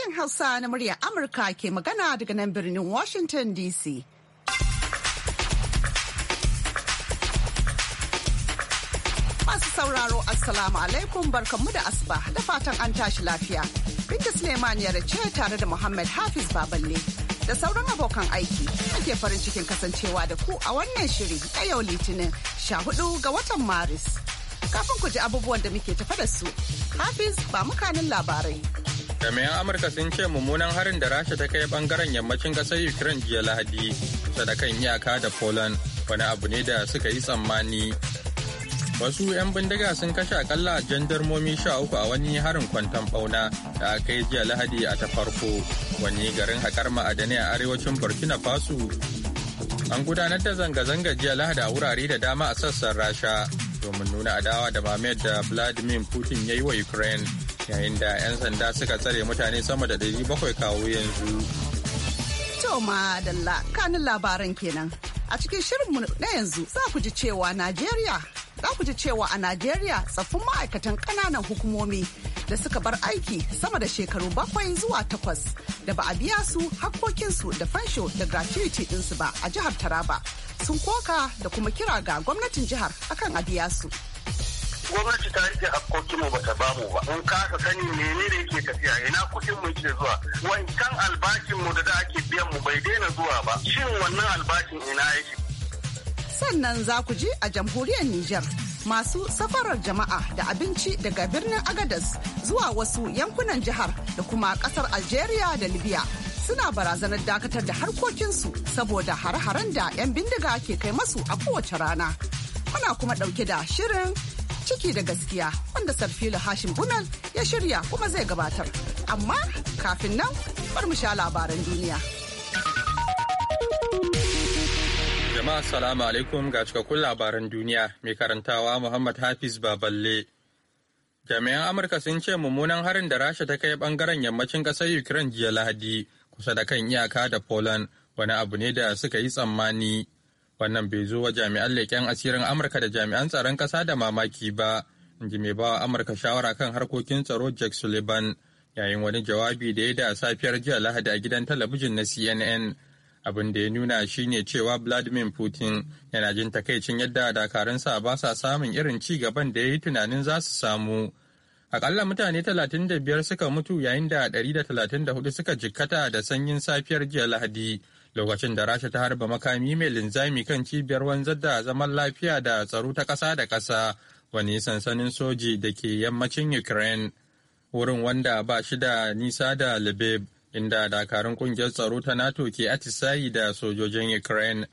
sashen Hausa na murya Amurka ke magana daga nan birnin Washington DC. Masu sauraro Assalamu alaikum barkanmu da asuba da fatan an tashi lafiya. Binta Suleiman ya ce tare da Muhammad Hafiz Baballe da sauran abokan aiki ake farin cikin kasancewa da ku a wannan shiri a yau Litinin 14 ga watan Maris. Kafin ku ji abubuwan da muke tafa da su, Hafiz ba mukanin labarai. jami'an amurka sun ce mummunan harin da rasha ta kai bangaren yammacin kasar ukraine jiya lahadi kusa da kan iyaka da poland wani abu ne da suka yi tsammani wasu 'yan bindiga sun kashe akalla jandarmomi sha uku a wani harin kwanton bauna da aka yi jiya lahadi a ta farko wani garin haƙar ma'adani a arewacin burkina faso an gudanar da zanga-zanga jiya lahadi a wurare da dama a sassan rasha domin nuna adawa da mamayar da vladimir putin ya yi wa ukraine yayin da 'yan sanda suka tsare mutane sama da 700 kawo yanzu. To ma dalla kanin labaran kenan. A cikin shirinmu na yanzu za ku ji cewa Najeriya za ku ji cewa a Najeriya tsaffin ma'aikatan ƙananan hukumomi da suka bar aiki sama da shekaru bakwai zuwa takwas da ba a biya su hakkokinsu da fansho da gratuity ɗinsu ba a jihar Taraba sun koka da kuma kira ga gwamnatin jihar akan a biya su. gwamnati ta rike hakkokin mu bata bamu ba mun kasa sani menene yake tafiya ina kuɗin mu yake zuwa wancan albashin mu da da ake biyan mu bai daina zuwa ba shin wannan albashin ina yake sannan za ku ji a jamhuriyar Nijar masu safarar jama'a da abinci daga birnin Agadas zuwa wasu yankunan jihar da kuma kasar Algeria da Libya suna barazanar dakatar da harkokinsu saboda hare-haren da 'yan bindiga ke kai masu a kowace rana. kuna kuma ɗauke da shirin ciki da gaskiya wanda sarfila hashim gumel ya shirya kuma zai gabatar amma kafin nan bar mu sha labaran duniya jama'a salamu alaikum ga cikakkun labaran duniya mai karantawa muhammad hafiz baballe jami'an amurka sun ce mummunan harin da rasha ta kai bangaren yammacin ƙasar ukraine jiya lahadi kusa da kan iyaka da poland wani abu ne da suka yi tsammani Wannan bai zo wa jami'an leƙen asirin Amurka da jami'an tsaron ƙasa da mamaki ba, inji mai bawa Amurka shawara kan harkokin tsaro Jack Sullivan yayin wani jawabi da ya da safiyar jiya Lahadi a gidan talabijin na CNN. Abin da ya nuna shine cewa Vladimir Putin yana jin takaicin yadda dakarunsa ba sa samun irin ci gaban da ya yi tunanin za su samu. Akalla mutane 35 suka mutu yayin da 134 suka jikkata da sanyin safiyar jiya Lahadi lokacin da rasha ta harba makami mai linzami kan cibiyar wanzar da zaman lafiya da tsaro ta ƙasa da ƙasa wani sansanin soji da ke yammacin ukraine wurin wanda ba shi da nisa da lebeb inda dakarun kungiyar tsaro ta nato ke atisayi da sojojin ukraine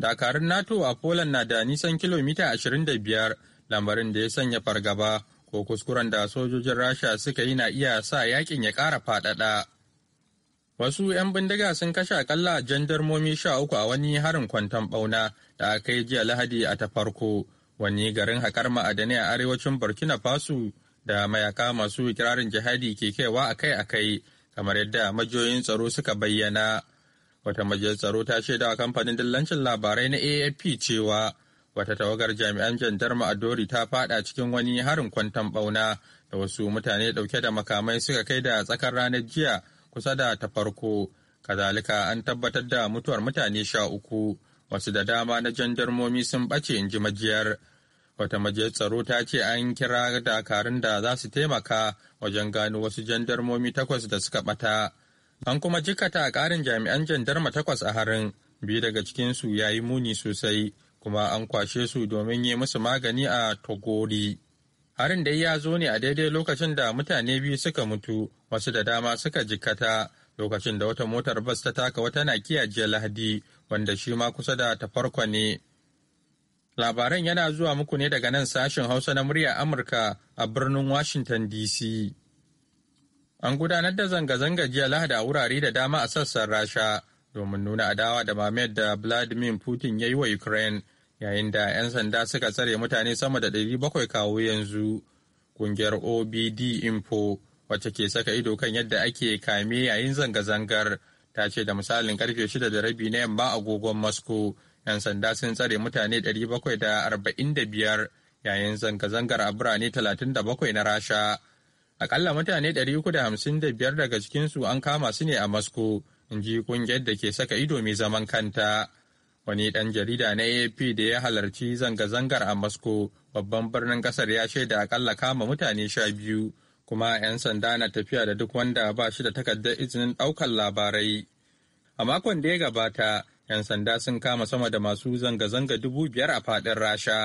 dakarun nato a poland na da nisan kilomita 25 lambarin da ya sanya fargaba ko kuskuren da sojojin rasha suka yi na iya sa yakin ya ƙara faɗaɗa. Wasu 'yan bindiga sun kashe akalla jandarmomi sha uku a wani harin kwanton bauna da aka yi jiya Lahadi a ta farko, wani garin haƙar ma'adani a arewacin Burkina Faso da mayaka masu kirarin jihadi ke kaiwa akai-akai, kamar yadda majiyoyin tsaro suka bayyana. Wata majiyar tsaro ta shaidawa kamfanin dillancin labarai na AFP cewa wata tawagar jami'an jandarma a Dori ta fada cikin wani harin kwanton bauna da wasu mutane dauke da makamai suka kai da tsakar ranar jiya kusa da ta farko kazalika an tabbatar da mutuwar mutane sha uku wasu da dama na jandarmomi sun ɓace in ji majiyar wata majiyar tsaro ta ce an kira dakarun da za su taimaka wajen gano wasu jandarmomi takwas da suka ɓata an kuma jikata a ƙarin jami'an jandarma takwas a harin biyu daga cikinsu ya yi muni sosai kuma an kwashe su domin yi musu magani a togori harin da ya zo ne a daidai lokacin da mutane biyu suka mutu wasu da dama suka jikata lokacin da wata motar bas ta taka wata nakiya jiya lahadi wanda shi ma kusa da tafarkwa ne labaran yana zuwa muku ne daga nan sashen hausa na murya amurka a birnin washington dc an gudanar da zanga-zanga jiya lahadi a wurare da dama a sassan rasha domin nuna adawa da mamayar da vladimir putin ya yi wa ukraine yayin da 'yan sanda suka tsare mutane sama da 700 kawo yanzu kungiyar obd info wacce ke saka ido kan yadda ake kame yayin zanga-zangar ta ce da misalin karfe shida da rabi na yamma agogon masko 'yan sanda sun tsare mutane 745 yayin zanga-zangar a birane 37 na rasha akalla mutane 355 daga cikinsu an kama su ne a masko in ji kungiyar da ke saka ido mai zaman kanta wani ɗan jarida na afp da ya halarci zanga-zangar a masko babban birnin ƙasar ya shaida akalla kama mutane sha biyu kuma 'yan sanda na tafiya da duk wanda ba shi da takardar izinin ɗaukar labarai. A makon da ya gabata, 'yan sanda sun kama sama da masu zanga-zanga dubu biyar a faɗin Rasha.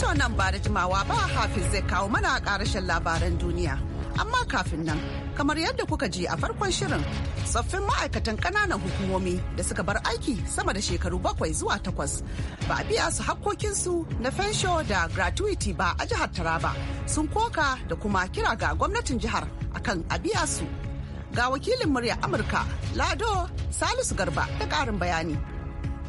To nan ba da jimawa ba hafiz zai kawo mana ƙarashin labaran duniya. amma kafin nan kamar yadda kuka ji a farkon shirin tsoffin ma'aikatan ƙananan hukumomi da suka bar aiki sama da shekaru bakwai zuwa takwas ba a biya su hakkokinsu na fensho da gratuity ba a jihar taraba sun koka da kuma kira ga gwamnatin jihar akan a biya su ga wakilin murya amurka lado salisu garba da ƙarin bayani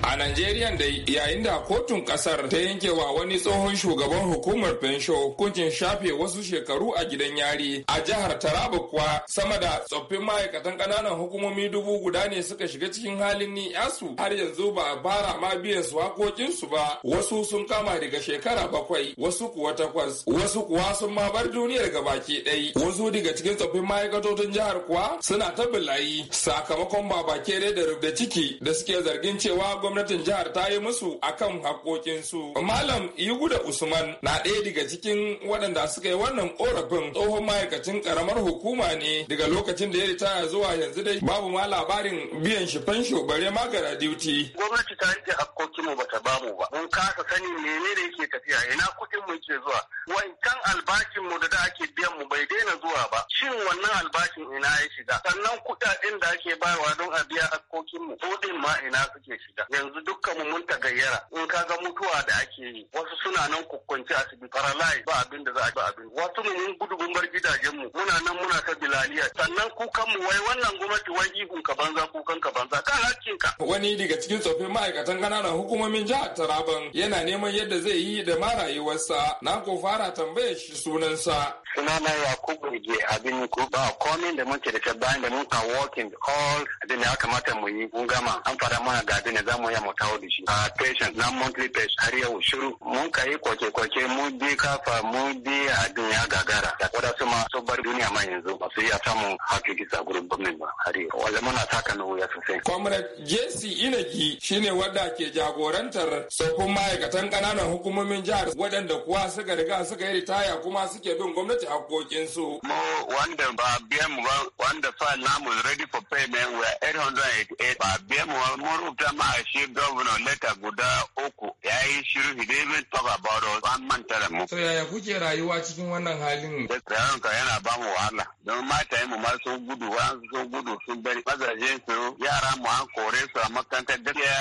A Najeriya dai yayin da kotun kasar ta yankewa wani tsohon shugaban hukumar fensho hukuncin shafe wasu shekaru a gidan yari a jihar Taraba kuwa sama da tsoffin ma'aikatan ƙananan hukumomi dubu guda ne suka shiga cikin halin ni yasu har yanzu ba a fara ma biyan su hakokinsu ba wasu sun kama daga shekara bakwai wasu kuwa takwas wasu kuwa sun ma bar duniyar gabaki ɗaya. wasu daga cikin tsoffin ma'aikatotin jihar kuwa suna ta bilayi sakamakon babakere da rubda ciki da suke zargin cewa gwamnatin jihar ta yi musu akan haƙoƙinsu. Malam da Usman na ɗaya daga cikin waɗanda suka yi wannan ƙorafin tsohon ma'aikacin ƙaramar hukuma ne daga lokacin da ya ritaya zuwa yanzu dai babu ma labarin biyan shi fansho bare ma gara duty. Gwamnati ta rike haƙoƙinmu bata bamu ba. Mun kasa sani menene yake tafiya ina kuɗin mu ke zuwa. Wancan albashin mu da da ake biyan mu bai daina zuwa ba. Shin wannan albashin ina ya shiga? Sannan kuɗaɗen da ake bayarwa don a biya haƙoƙinmu ko din ma ina suke shiga. yanzu dukkan mu mun tagayyara in ka ga mutuwa da ake yi wasu suna nan kukunci asibiti paralyzed ba abin da za a ba abin wasu mu mun gudu mun bar gidajen mu muna nan muna ta bilaliya sannan kukan mu wai wannan gwamnati wai ihun ka banza kukan ka banza ka hakkin ka wani daga cikin tsofin ma'aikatan kananan hukumomin jihar Taraban yana neman yadda zai yi da ma rayuwarsa na ko fara tambayar shi sunansa sunana yakubu ge abin ku ba komai da muke da ta bayan da mun ka working all abin da ya kamata mu yi mun gama an fara mana ga abin da zamu iya mu tawo da shi a patient na monthly patient har yau shiru mun kai koke koke mun bi kafa mun bi a duniya gagara da kwada su ma so bar duniya ma yanzu ba su a samun hakiki a gurin gwamnati ba har yau wanda muna taka na wuya sosai. comrade jc inaki shine wanda ke jagorantar tsoffin ma'aikatan ƙananan hukumomin jihar waɗanda kuwa suka riga suka yi ritaya kuma suke bin gwamnati hakokin su. Mu wanda ba biyan mu ba wanda fa namu ready for payment were 888 ba biyan mu ba mun rubuta ma shi governor leta guda uku ya yi shiru he didn't talk about us an manta da mu. So yaya kuke rayuwa cikin wannan halin? Rayuwar ka yana ba mu wahala don yi mu ma sun gudu sun gudu sun bari mazajen su yara mu an kore su a makarantar ya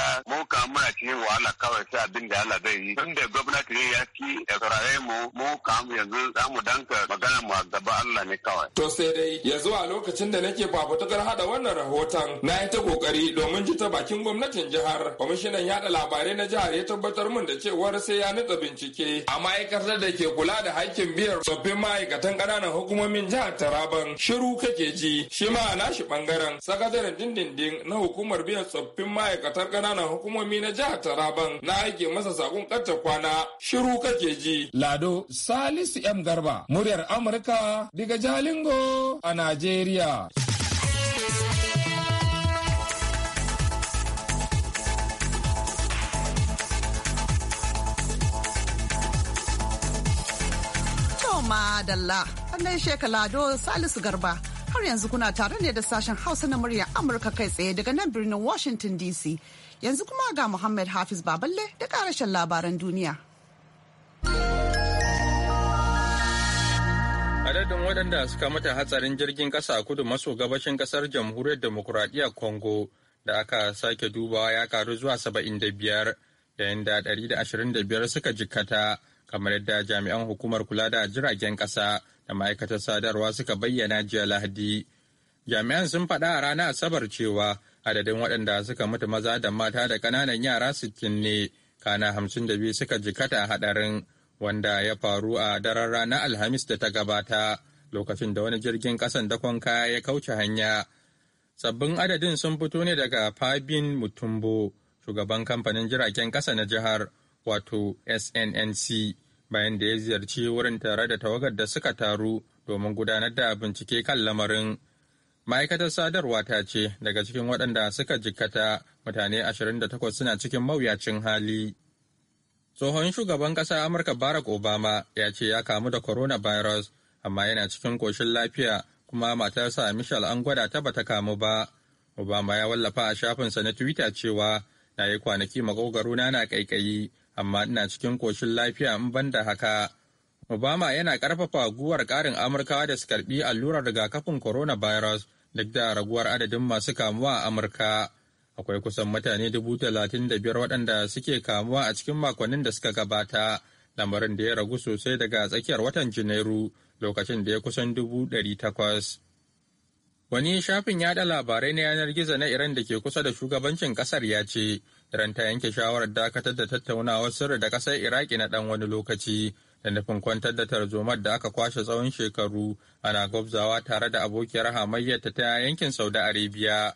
yi wahala kawai sai abin da Allah zai yi. Tun da gwamnati ya ki ya saurare mu mu kam yanzu za mu danka Allah kawai. To sai dai ya zuwa lokacin da nake fafutukar hada wannan rahoton na yi ta kokari domin ji ta bakin gwamnatin jihar. Kwamishinan yada labarai na jihar ya tabbatar min da cewar sai ya nutsa bincike a ma'aikatar da ke kula da hakkin biyar tsoffin ma'aikatan ƙananan hukumomin jihar Taraban. Shiru kake ji shi ma a nashi bangaren sakataren dindindin na hukumar biyan tsoffin ma'aikatar ƙananan hukumomi na jihar Taraban na aike masa saƙon ƙarta kwana shiru kake ji. Lado Salisu M Garba muryar Amurka diga daga Jalingo a Najeriya. Toma Dalla, an gaishe Lado Salisu Garba. har yanzu kuna tare ne da sashen hausa na muryar amurka kai tsaye daga nan birnin washington dc yanzu kuma ga muhammad hafiz baballe da karashen labaran duniya adadin waɗanda suka mata hatsarin jirgin ƙasa a kudu maso gabashin ƙasar jamhuriyar demokuraɗiyya congo da aka sake dubawa ya karu zuwa 75 yayin da 125 suka jikkata kamar yadda jami'an hukumar kula da jiragen ƙasa da ma'aikatar sadarwa suka bayyana jiya lahadi jami'an sun faɗa a ranar asabar cewa adadin waɗanda suka mutu maza da mata da ƙananan yara 60 ne kana 52 suka jikkata a haɗarin wanda ya faru a daren ranar Alhamis da ta gabata lokacin da wani jirgin kasan dakon kaya ya kauce hanya. Sabbin adadin sun fito ne daga Fabin Mutumbo, shugaban kamfanin jiragen kasa na jihar, wato SNNC, bayan da ya ziyarci wurin tare da tawagar da suka taru domin gudanar da bincike kan lamarin. Ma'aikatar sadarwa ta ce daga cikin waɗanda suka jikkata mutane 28 suna cikin mawuyacin hali. Tsohon shugaban ƙasa Amurka Barack Obama ya ce ya kamu da coronavirus amma yana cikin ƙoshin lafiya kuma matarsa Michelle an gwada ta bata kamu ba. Obama ya wallafa a shafinsa na Twitter cewa na yi kwanaki makogaro na na ƙaiƙayi amma ina cikin ƙoshin lafiya in ban da haka. Obama yana ƙarfafa guwar ƙarin Amurkawa da su karɓi allurar rigakafin coronavirus duk da raguwar adadin masu kamuwa a Amurka. akwai kusan mutane dubu talatin da biyar waɗanda suke kamuwa a cikin makonnin da suka gabata lamarin da ya ragu sosai daga tsakiyar watan janairu lokacin da ya kusan dubu ɗari takwas. Wani shafin yaɗa labarai na yanar gizo na Iran da ke kusa da shugabancin ƙasar ya ce, Iran ta yanke shawarar dakatar da tattaunawar sirri da ƙasar Iraki na ɗan wani lokaci, da nufin kwantar da tarzomar da aka kwashe tsawon shekaru ana gwabzawa tare da abokiyar hamayyarta ta yankin Saudi Arabia.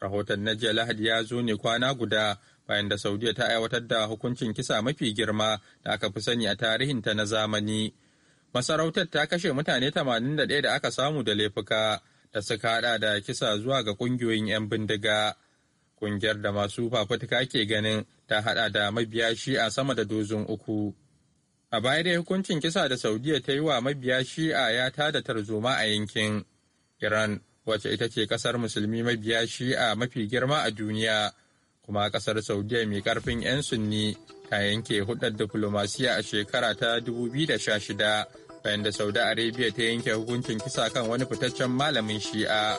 Rahoton na jiya Lahadi ya zo ne kwana guda bayan da Saudiya ta aiwatar da hukuncin kisa mafi girma da aka fi sani a tarihinta na zamani. Masarautar ta kashe mutane 81 da aka samu da laifuka da suka hada da kisa zuwa ga kungiyoyin 'yan bindiga. Kungiyar da masu fafutuka ke ganin ta hada da mabiya shi'a sama da dozin uku. A baya dai hukuncin kisa da Saudiya ta yi wa mabiya shi'a ya tada tarzoma a yankin. Iran wacce ita ce kasar musulmi mabiya shi'a mafi girma a duniya kuma kasar saudiya mai karfin 'yan sunni ta yanke hudar diplomasiya a shekara ta 2016 bayan da saudi arabia ta yanke hukuncin kisa kan wani fitaccen malamin shi'a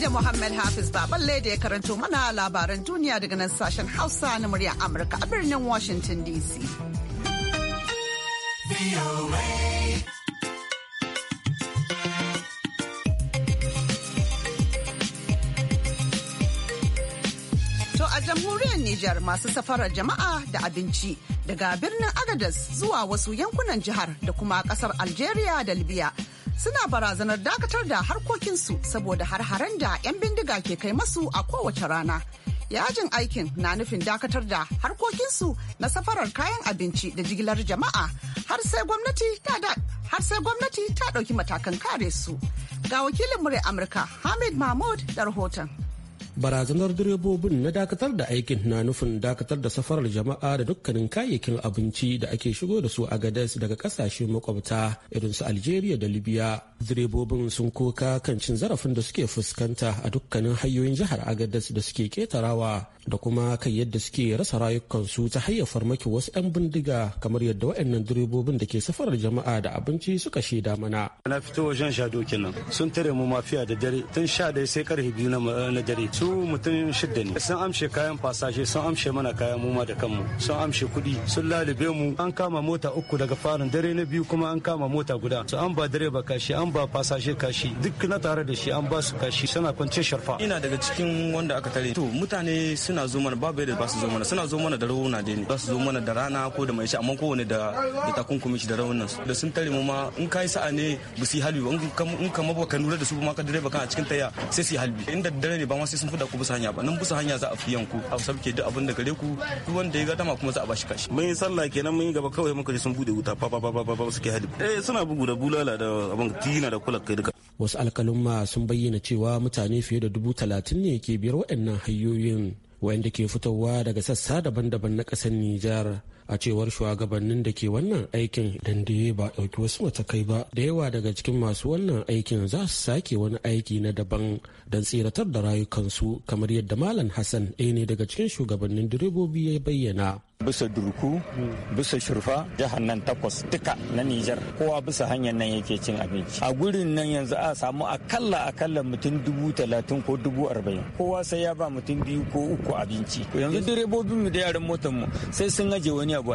da Muhammad Hafiz Baballe da ya karanto mana labaran duniya daga nan sashen Hausa na murya Amurka a birnin Washington DC. To a jamhuriyar Nijar masu safarar jama'a da abinci daga birnin Agadas zuwa wasu yankunan jihar da kuma kasar Algeria da Libya. Suna barazanar dakatar da harkokinsu saboda har da 'yan bindiga ke kai masu a kowace rana. yajin aikin na nufin dakatar da harkokinsu na safarar kayan abinci da jigilar jama'a har sai gwamnati ta ɗauki matakan kare su. Ga wakilin murya Amurka Hamid Mahmud da rahoton. barazanar direbobin na dakatar da aikin na nufin dakatar da safarar jama'a da dukkanin kayayyakin abinci da ake shigo da su a gadas daga kasashen makwabta irin su algeria da libya direbobin sun koka kan cin zarafin da suke fuskanta a dukkanin hanyoyin jihar agadas da suke ketarawa da kuma kan yadda suke rasa rayukansu ta hanyar farmaki wasu 'yan bindiga kamar yadda waɗannan direbobin da ke safarar jama'a da abinci suka shaida mana. na fito wajen nan sun tare mu mafiya da dare tun sha dai sai karfe biyu na dare su mutum shidda ne sun amshe kayan fasashe sun amshe mana kayan muma da kanmu sun amshe kuɗi sun lalube mu an kama mota uku daga farin dare na biyu kuma an kama mota guda su an ba ba kashi an ba fasashe kashi duk na tare da shi an ba su kashi suna kwance sharfa ina daga cikin wanda aka tare to mutane suna zo mana babu yadda ba su zo mana suna zo mana da rauna da ne ba su zo mana da rana ko da mai shi amma kowane da da takunkumi shi da raunan su da sun tare mu ma in kai sa'a ne bu su yi halbi ba in kama ba ka nura da su ma ka direba kan a cikin taya sai su yi halbi inda dare ne ba ma sai sun fada ku bisa hanya ba nan bisa hanya za a fiyan ku a sabke duk abin da gare ku duk wanda ya ga dama kuma za a bashi kashi mun yi sallah kenan mun yi gaba kawai muka ji sun bude wuta pa pa pa pa suke hadi eh suna bugu da bulala da abin tina da kulak kai duka wasu alkalumma sun bayyana cewa mutane fiye da dubu talatin ne ke biyar waɗannan hanyoyin wayanda ke fitowa daga sassa daban-daban na ƙasar Nijar a cewar shugabannin da ke wannan aikin dan ba dauki wasu matakai ba da yawa daga cikin masu wannan aikin za su sake wani aiki na daban don tsiratar da rayukansu kamar yadda malam hassan ɗaya ne daga cikin shugabannin direbobi ya bayyana bisa durku bisa shurfa jihar nan takwas duka na Nijar kowa bisa hanyar nan yake cin abinci a gurin nan yanzu a samu akalla akalla mutum dubu talatin ko dubu arba'in kowa sai ya ba mutum biyu ko uku abinci yanzu direbobin mu da yaran motar mu sai sun aje wani abu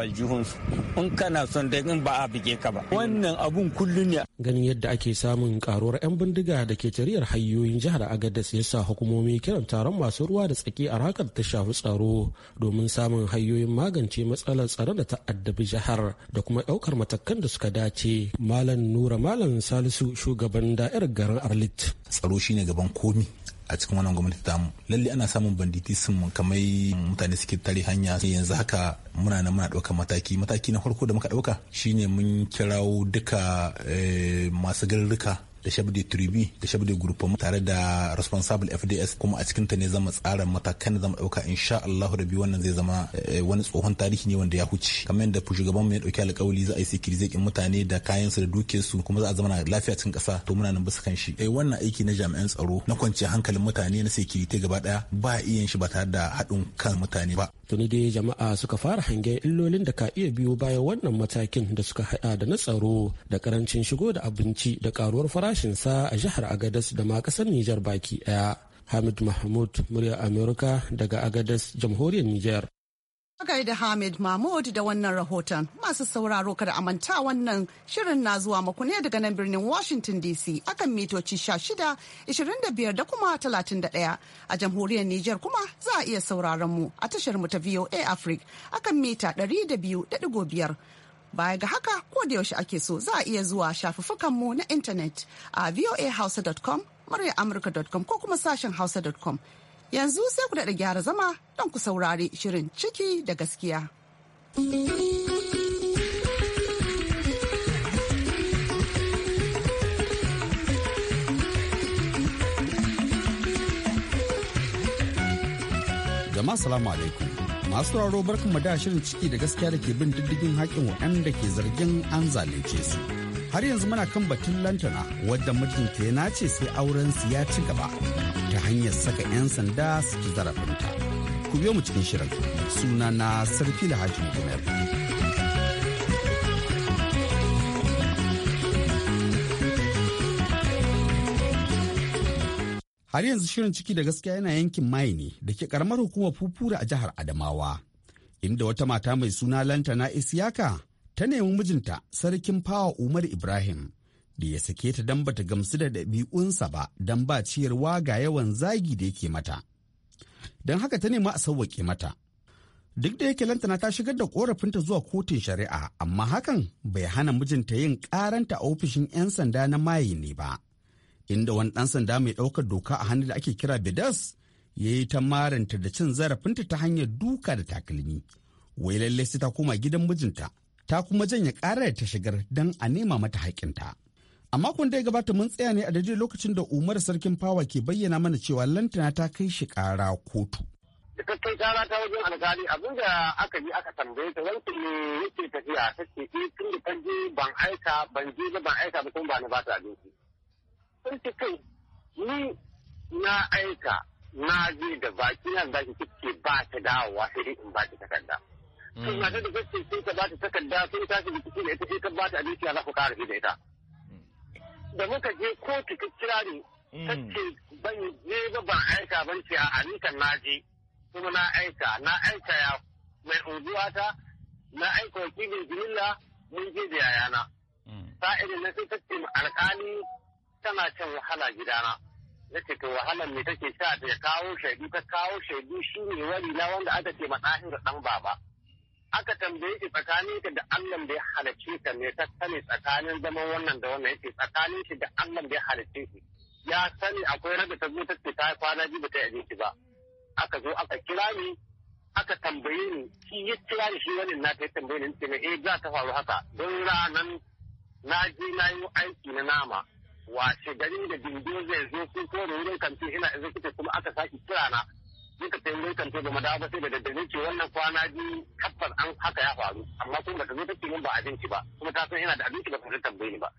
in kana son dai in ba a bige ka ba wannan abun kullum ne ganin yadda ake samun karuwar yan bindiga da ke tariyar hanyoyin jihar agadas ya sa hukumomi kiran taron masu ruwa da tsaki a rakar ta shafi tsaro domin samun hayoyin magance matsalar tsaro da ta addabi jihar da kuma daukar matakan da suka dace malam nura malam salisu shugaban da'irar garin arlit tsaro shine gaban komi a cikin wannan gwamnati ta mu lalle ana samun banditism kamar mutane suke tare hanya yanzu haka muna nan muna ɗaukar mataki mataki na farko da muka ɗauka shine mun kirawo duka eh, masu garurruka da shabu de tribi da shabu de groupement tare da responsable fds kuma a cikin ta ne zama tsara matakan da zama dauka insha Allah da bi wannan zai zama eh, wani tsohon tarihi ne wanda ya huce kamar yadda shugaban mu ya dauki alƙawari za a yi sikirizekin mutane da kayan su da duke su kuma za a zama lafiya cikin ƙasa to muna nan bisa kan shi eh wannan aiki na jami'an tsaro na kwanciya hankalin mutane na ta gaba daya ba iya yin shi ba tare da haɗin kan mutane ba tuni dai jama'a suka fara hangen illolin da ka iya biyo bayan wannan matakin da suka haɗa da na tsaro da karancin shigo da abinci da karuwar farashinsa a jihar agadas da ma kasar nijar baki daya hamid mahmud murya amurka daga agadas jamhuriyar nijar da Hamid Mahmud da wannan rahoton masu sauraro kada amanta wannan shirin na zuwa maku ne daga nan birnin Washington DC akan mitoci 16, 25 da kuma 31 a jamhuriyar Nijar kuma za a iya sauraron mu a tashar mu ta VOA Africa akan mita 200.5. Baya ga haka ko da yaushe ake so za a iya zuwa shafuffukan mu na intanet a voahausa.com, murya amurka.com ko kuma sashen hausa.com Yanzu sai ku daɗa gyara zama don ku saurari shirin ciki da gaskiya. Jama'a salamu alaikum. Masu sauraro barkan da shirin ciki da gaskiya da ke bin diddigin haƙƙin waɗanda ke zargin an zalunce su. har yanzu muna kan batun lantana wadda mijinta ya nace sai auren su ya ci gaba ta hanyar saka 'yan sanda su ci zarafinta ku biyo mu cikin shirin suna na sarki da hajji gumer har yanzu shirin ciki da gaskiya yana yankin mai ne da ke karamar hukumar fufura a jihar adamawa inda wata mata mai suna lantana isiyaka ta nemi mijinta sarkin fawa Umar Ibrahim da ya sake ta don bata gamsu da ɗabi'unsa ba don ba ciyarwa ga yawan zagi da yake mata. Don haka ta nema a sauwaƙe mata. Duk da yake lantana ta shigar da ƙorafinta zuwa kotun shari'a amma hakan bai hana mijinta yin ƙaranta a ofishin 'yan sanda na maye ne ba. Inda wani ɗan sanda mai ɗaukar doka a hannu da ake kira Bidas ya yi ta maranta da cin zarafinta ta hanyar duka da takalmi. Wai lallai sai ta koma gidan mijinta ta kuma janye karar ta shigar don a nema mata haƙinta. A makon da ya gabata mun tsaya ne a daidai lokacin da umar sarkin fawa ke bayyana mana cewa lantana ta kai shi kara kotu. Da ta kai kara ta wajen alkali abin da aka yi aka tambaye ta wanke ne yake tafiya ta ce eh tun da kan je ban aika ban je ba ban aika ba kuma ba na ba ta abinci. Sun ce kai ni na aika na je da baki na da ba ta dawowa sai dai in ba ta takarda. kan na mm. da gaske sai ta bata takarda sai ta shi rikici da ita sai ta bata abinci za ku kare da ita mm. da muka je kotu ta kira ni mm. ce ban je ba ba aika ban ce a amikan na je kuma na aika na aika ya mai unguwa ta na aika wakilin jimilla mun je da yayana sa'ilin na sai ta ce alƙali tana can wahala gidana na ce to wahalar me take sha ta kawo shaidu ta kawo shaidu shi ne wani na wanda aka ce ma da ɗan baba. aka tambaye shi tsakanin shi da Allah bai halarci ka ne ta sani tsakanin zaman wannan da wannan yake tsakanin shi da Allah bai halicce shi ya sani akwai rabi ta zo ta ce kwana biyu ba ta yi shi ba aka zo aka kira ni aka tambaye ni shi ya kira ni shi wani na ta tambaye ni ce eh za ta faru haka don ranan na je na yi aiki na nama wace gari da dindin zai zo sun kore wurin kamfe ina in kuma aka sake kira na suka tambaye kan to game da ba sai da daddare ce wannan kwana biyu tabbas an haka ya faru amma kuma bata zo ta ce ba abinci ba kuma ta san yana da abinci ba ta tambaye ni ba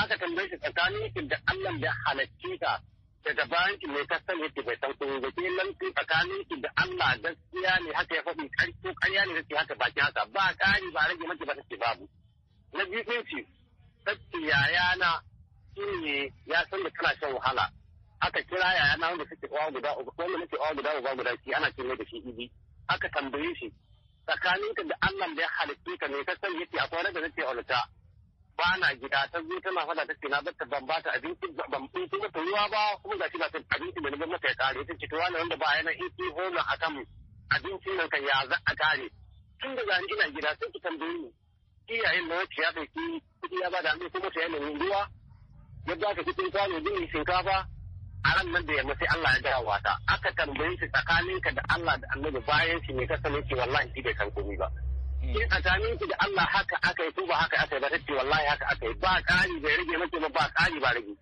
aka tambaye ta tsakanin ki da Allah da halacce ka daga bayan ki mai kasan yake bai san komai ba ke ki tsakanin ki da Allah gaskiya ne haka ya faɗi ko kariya ne take haka baki haka ba ƙari ba rage maki ba ta ce babu na biyu ɗin ce yayana shi ne ya san da kana shan wahala aka kira yaya na wanda suke uwa guda uku wanda muke uwa guda uba guda shi ana cewa da shi izi aka tambaye shi tsakaninka da Allah da ya halitta ka ne ka san yace akwai wanda nake aulata ba na gida ta zo tana fada ta ce na barka ban bata abinci ban binci mata ruwa ba kuma ga shi ba ta abinci ne ban mata ya kare ta ce to wani wanda ba yana in ki hona akan abincin nan kan ya za a kare tun da zan ina gida sai ki tambaye ni iyayen na wacce ya dauki kuɗi ya ba da mai kuma ta yanayin ruwa yadda aka tun kwano din shinkafa ran nan da yamma sai Allah ya dawo wata aka tambaye shi tsakaninka da Allah da annabi bayan shi ne ka sanin ki wallahi ki bai san komai ba hmm. in tsakanin ki da Allah haka aka yi ko ba haka aka yi ba tace wallahi haka aka yi ba kari bai rage mace ba ba kari ba rage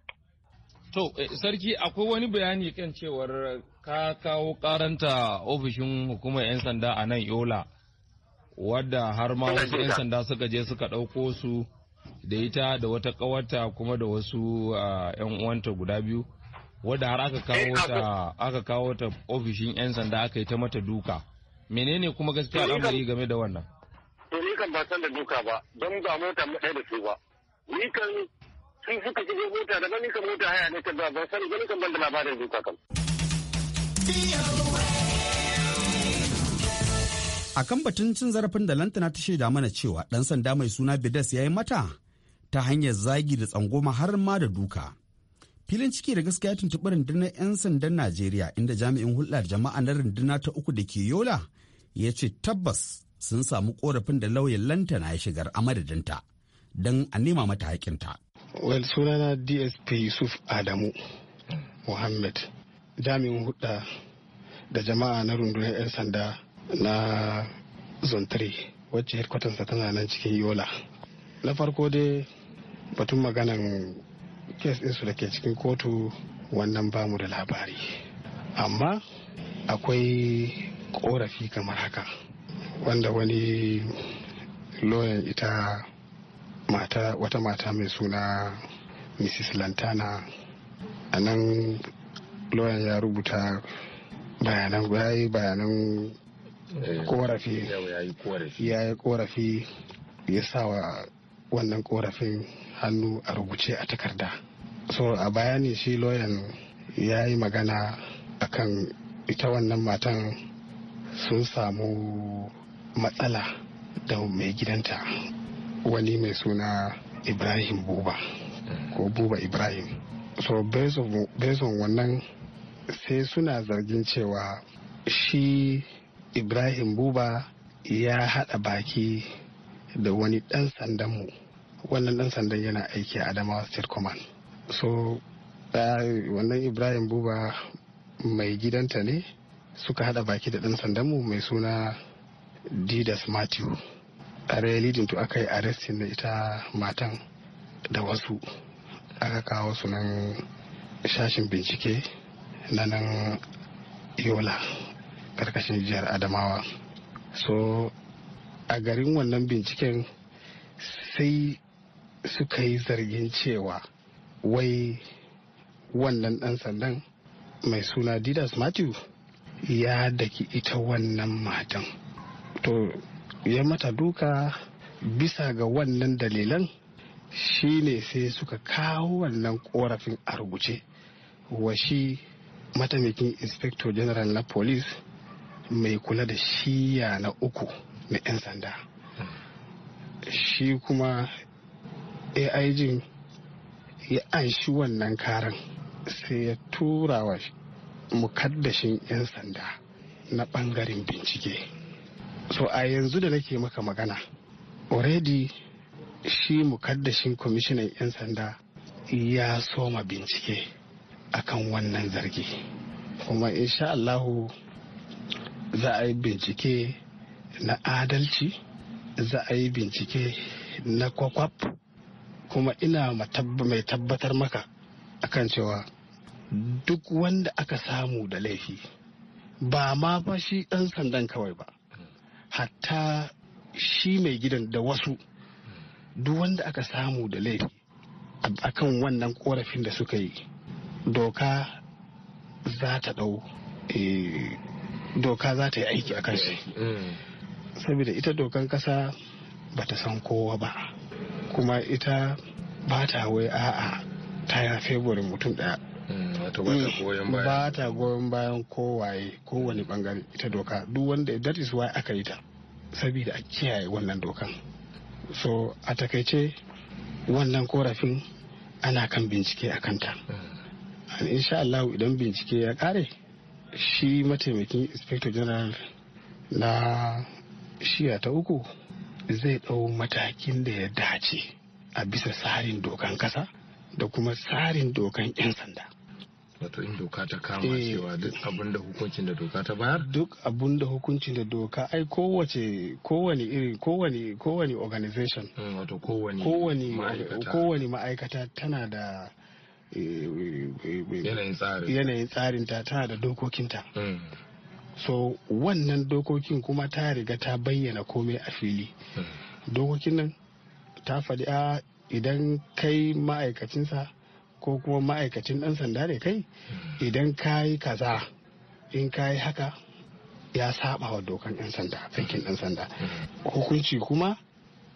to eh, sarki akwai wani bayani kan cewar ka kawo karanta ofishin hukumar yan sanda a nan Yola wadda har ma wasu yan sanda suka je suka ɗauko su da ita da wata ƙawarta kuma da wasu yan ah, uwanta guda biyu wadda har aka kawo eh, ta aka kawo ta ofishin yan sanda aka yi ta mata duka menene kuma gaskiya al'amari game da wannan to ni kan ba san da duka ba don ba mota mai da su ba ni kan sun suka shigo mota da ni kan mota haya ne ta ba san ga ni kan ban da labarin duka kan a kan batun cin zarafin da lantana ta shaida mana cewa ɗan sanda mai suna bidas ya yi mata ta hanyar zagi da tsangoma har ma da duka filin ciki da gaskiya tuntuɓi rundunar 'yan sandan najeriya inda jami'in hulɗar jama'a na runduna ta uku da ke yola ya ce tabbas sun samu korafin da lauyan lantana ya shigar a madadinta don a nema mata haƙinta. well sunana dsp yusuf adamu muhammad jami'in hulɗa da jama'a na rundunar 'yan sanda na zontare wacce headquarters tana nan cikin yola na farko dai batun maganan kes ɗinsu da ke cikin kotu wannan ba mu da labari amma akwai korafi kamar haka wanda wani loyan ita mata wata mata mai suna mrs lantana a nan loyan ya rubuta bayanan yayi bayanan korafi ya yi korafi eh, ya sa wa wannan korafin hannu a rubuce a takarda so a bayani shi loyan ya yi magana akan ita wannan matan sun samu matsala da mai gidanta wani mai suna ibrahim buba ko buba ibrahim so bezon wannan sai suna zargin cewa shi ibrahim buba ya haɗa baki da wani ɗan sandanmu wannan dan sandan yana aiki a adamawa state command so wannan ibrahim buba mai gidanta ne suka hada baki da dan mu mai suna didas matthew a realidin to aka yi arrestin da ita matan da wasu aka kawo su nan shashin bincike na nan yola karkashin jihar adamawa so a garin wannan binciken sai suka yi zargin cewa wai wannan ɗan sandan mai suna didas matthew ya daki ita wannan matan to ya mata duka bisa ga wannan dalilan shine sai suka kawo wannan korafin a rubuce wa shi mataimakin inspector general na police mai kula da shiya na uku na 'yan sanda hmm. shi kuma aijin ya anshi wannan karan sai ya tura wa mukaddashin 'yan sanda na bangaren bincike so a yanzu da nake maka magana already shi mukaddashin kwamishinan 'yan sanda ya soma bincike akan wannan zargi kuma insha Allahu za a yi bincike na adalci za a yi bincike na kwakwaf kuma ina mai tabbatar maka akan cewa duk wanda aka samu da laifi ba ma fa shi ɗan sandan kawai ba hatta shi mai gidan da wasu duk wanda aka samu da laifi akan wannan korafin da suka yi doka za ta ɗau eh, doka za ta yi aiki a kan shi mm. saboda ita dokan ƙasa ba ta san kowa ba kuma ita ba ta wai a'a ta yi favorin mutum daya hmm, ba ta goyon bayan kowaye kowane bangare ita doka duk wanda that is why aka yi ta saboda a kiyaye wannan dokan so a takaice wannan korafin ana kan bincike a kanta mm. insha Allah idan bincike ya kare shi mataimakin inspector general na shiya ta uku zai ɗau matakin da ya dace a bisa tsarin dokan kasa da kuma tsarin dokan 'yan sanda. Wato in doka ta kama eh. cewa duk abin da hukuncin da doka ta bayar? Duk abin da hukuncin da doka ai kowace kowane irin kowane kowane organization. Mm, wato kowane ma'aikata tana da eh, eh, yanayin tsarin ta tana da dokokinta. Mm. so wannan dokokin kuma ta riga ta bayyana komai a fili dokokin nan ta faɗi a ah, idan kai ma'aikacinsa ko kuma ma'aikacin ɗan sanda da kai idan ka yi kaza in ka yi haka ya saba wa dokan 'yan sanda aikin ɗan sanda hukunci kuma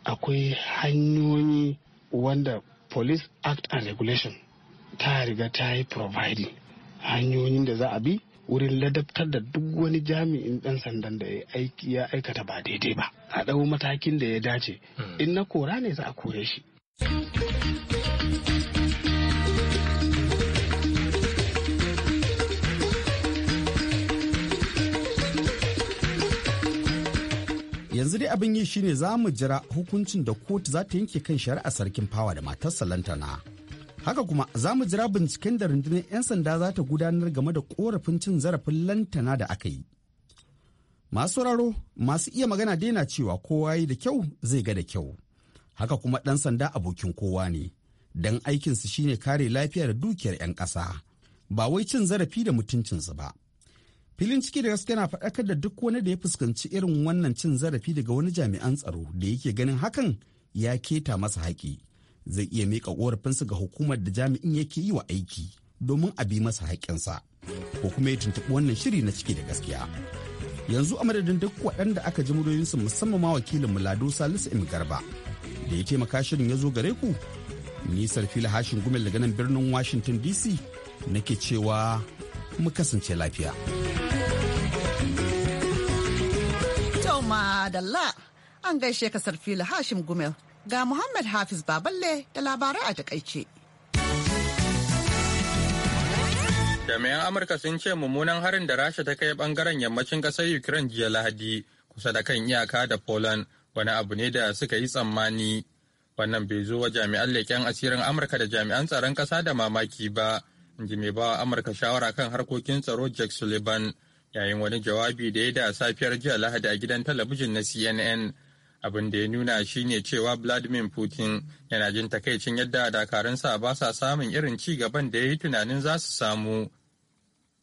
akwai hanyoyi wanda police act and regulation ta riga ta yi providing hanyoyin da za a bi wurin ladabtar da duk wani jami'in ɗan sandan da ya aikata ba daidai ba a ɗau matakin da ya dace hmm. in na kora ne za a kore shi yanzu dai abin yi shine za mu jira hukuncin da kotu za ta yanke kan shari'a sarkin fawa da matarsa lantana haka kuma za mu jira binciken da rundunar 'yan sanda za ta gudanar game da korafin cin zarafin lantana da aka yi masu sauraro masu iya magana daina cewa kowa yi da kyau zai ga da kyau haka kuma ɗan sanda abokin kowa ne don aikinsu shine kare lafiya da dukiyar 'yan ƙasa ba wai cin zarafi da mutuncinsu ba filin ciki da gaske na faɗakar da duk wani da ya fuskanci irin wannan cin zarafi daga wani jami'an tsaro da yake ganin hakan ya keta masa haƙi zai iya miƙa ƙorafinsa ga hukumar da jami'in yake yi wa aiki domin a bi masa haƙƙinsa ko kuma ya tuntuɓi wannan shiri na ciki da gaskiya yanzu a madadin duk waɗanda aka ji muryoyinsu musamman ma wakilin mulado salisu im garba da ya taimaka shirin ya zo gare ku nisar fila hashin gumel daga nan birnin washington dc nake cewa mu kasance lafiya Toma la an gaishe kasar fila Hashim Gumel Ga Muhammad Hafiz Baballe da labarai a takaice. Jami'an Amurka sun ce mummunan harin da Rasha ta kai bangaren yammacin ƙasar Ukraine jiya Lahadi kusa da kan iyaka da Poland wani abu ne da suka yi tsammani. Wannan bai zo wa jami'an leƙen asirin Amurka da jami'an tsaron ƙasa da mamaki ba, Inji mai bawa Amurka shawara kan harkokin tsaro Jack Sullivan yayin wani jawabi da ya da safiyar jiya Lahadi a gidan talabijin na CNN. abin da ya nuna shine cewa vladimir putin yana jin takaicin yadda dakarunsa ba sa samun irin ci gaban da ya yi tunanin za su samu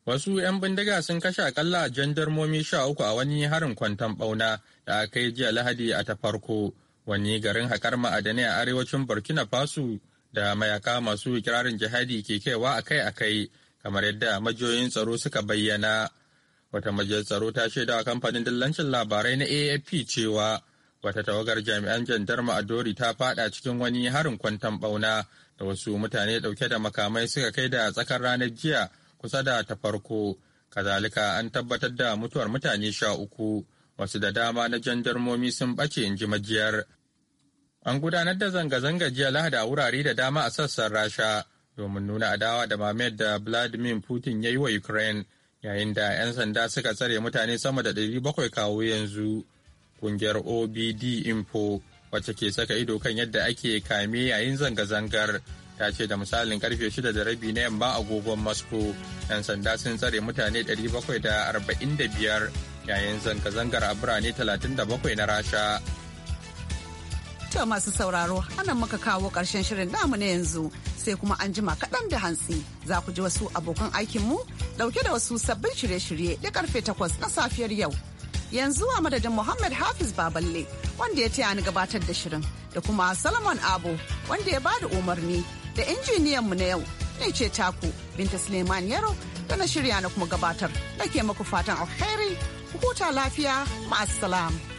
wasu 'yan bindiga sun kashe akalla jandarmomi sha uku a wani harin kwanton bauna da aka yi jiya lahadi a ta farko wani garin haƙar ma'adanai a arewacin burkina faso da mayaka masu kirarin jihadi ke kaiwa akai-akai kamar yadda majiyoyin tsaro suka bayyana wata majiyar tsaro ta shaidawa kamfanin dillancin labarai na afp cewa wata tawagar jami'an jandarma a dori ta fada cikin wani harin kwantan bauna da wasu mutane dauke da makamai suka kai da tsakar ranar jiya kusa da ta farko kazalika an tabbatar da mutuwar mutane sha uku wasu da dama na jandarmomi sun bace in ji majiyar an gudanar da zanga-zanga jiya lahada a wurare da dama a sassan rasha domin nuna adawa da mamayar da vladimir putin ya yi wa ukraine yayin da 'yan sanda suka tsare mutane sama da 700 kawo yanzu Kungiyar OBD Info wacce ke saka ido kan yadda ake kame yayin zanga-zangar ta ce da misalin karfe 6 da rabi na yamma agogon Moscow 'yan sanda sun tsare mutane 745 yayin zanga-zangar a birane 37 na Rasha. To masu sauraro, anan muka kawo ƙarshen shirin namu na yanzu sai kuma an jima kaɗan da hantsi za ku ji wasu abokan aikinmu ɗauke da wasu sabbin shirye-shirye da karfe takwas na safiyar yau. yanzu a madadin Muhammad Hafiz Baballe wanda ya taya ni gabatar da shirin da kuma Solomon Abo wanda ya bada umarni da injiniyan mu na yau ne ce taku Binta Suleiman Yaro da na shirya na kuma gabatar da ke maku fatan alheri huta lafiya ma'assalam.